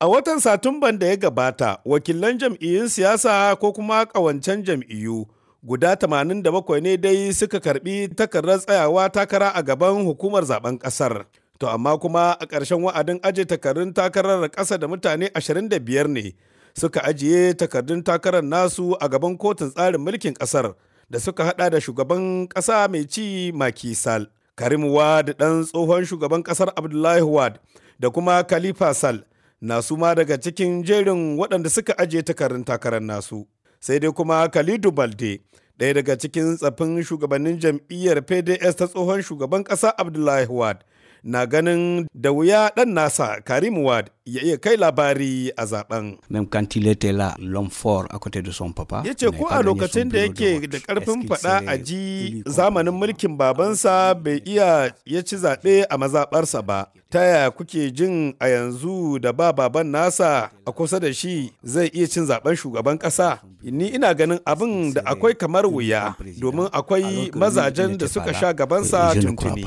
A watan Satumban da ya gabata, wakilan jam'iyyun siyasa ko kuma ƙawancen jam'iyyu guda 87 ne dai suka karbi takarar tsayawa takara a gaban hukumar zaben ƙasar. To amma kuma a ƙarshen wa'adin aje takardun takarar ƙasa da mutane 25 ne suka ajiye takardun takarar nasu a gaban kotun tsarin mulkin ƙasar da suka hada da shugaban ƙasa mai ci maki-sal, Karim Wad ɗan tsohon shugaban ƙasar Abdullahi Wad da kuma Khalifa sal na su ma daga cikin jerin waɗanda suka ajiye takarin takarar nasu sai dai kuma khalidu balde ɗaya daga cikin tsafin shugabannin jam'iyyar pds ta tsohon shugaban ƙasa abdullahi wad na ganin da wuya ɗan nasa karim wad ya iya kai labari a zaben. Même quand il était là, l'homme fort à côté de son papa. Ya ce ko a lokacin da yake da karfin fada a ji zamanin mulkin babansa bai iya ya ci zaɓe a mazaɓarsa ba. Ta yaya kuke jin a yanzu da ba baban nasa a kusa da shi zai iya cin zaben shugaban ƙasa? Ni ina ganin abin da akwai kamar wuya domin akwai mazajen da suka sha gabansa tuntuni.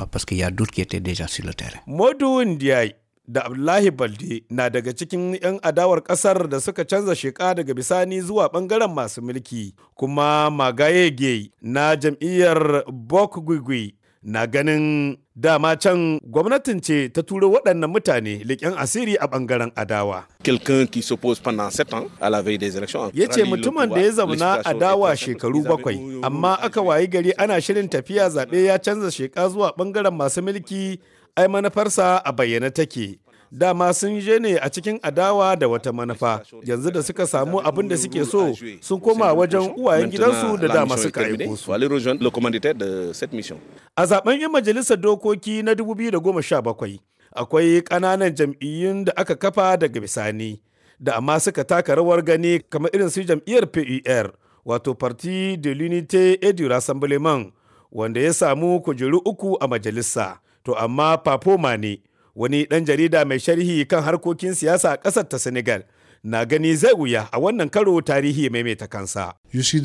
Modu Ndiaye da Abdullahi Balde na daga cikin 'yan adawar ƙasar da suka canza sheka daga bisani zuwa ɓangaren masu mulki, kuma Magayege na jam'iyyar Bok na ganin dama can gwamnatin ce ta turo waɗannan mutane leƙen asiri a ɓangaren adawa. Ya ce mutumin da ya zauna adawa shekaru bakwai, amma aka wayi gari ana shirin tafiya zaɓe ya canza sheka zuwa ɓangaren masu mulki ai manufarsa a bayyana take dama sun je ne a cikin adawa da wata manufa yanzu da suka samu abin da suke so sun koma wajen uwayen gidansu da dama suka aiko a zaben yan majalisar dokoki na 2017 akwai kananan jam'iyyun da aka kafa daga bisani da amma suka taka rawar gani kamar irin su jam'iyyar per wato parti de l'unité et du rassemblement wanda ya samu kujeru uku a majalisa to amma papoma ne wani ɗan jarida mai sharhi kan harkokin siyasa a ƙasar ta Senegal na gani zai wuya a wannan karo tarihi maimaita kansa. Ya ce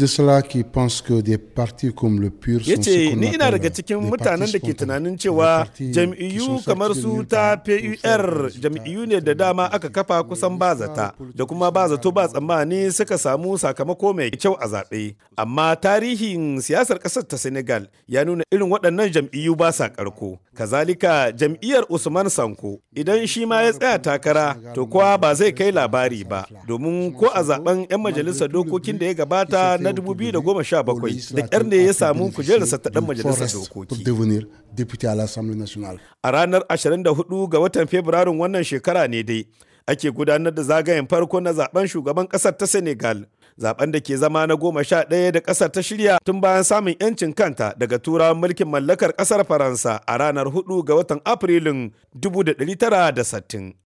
ni ina daga cikin mutanen da ke tunanin cewa jam'iyyu kamar su ta PUR jam'iyyu ne da dama aka kafa kusan ba zata da kuma ba zato ba tsammani suka samu sakamako mai kyau a zaɓe. Amma tarihin siyasar ƙasar ta Senegal ya nuna irin waɗannan jam'iyyu ba sa ƙarko. Kazalika jam'iyyar Usman Sanko idan shi ma ya tsaya takara to kowa ba zai kai labari ba domin ko a zaben 'yan majalisar dokokin da ya gabata na 2017 da ƙyar ne ya samu kujerarsa ta ɗan majalisar dokoki. A ranar 24 ga watan Fabrairun wannan shekara ne dai ake gudanar da zagayen farko na zaben shugaban ƙasar ta Senegal. zaben da ke zama na goma sha ɗaya da ƙasar ta shirya tun bayan samun 'yancin kanta daga turawan mulkin mallakar ƙasar faransa a ranar 4 ga watan afrilun 1960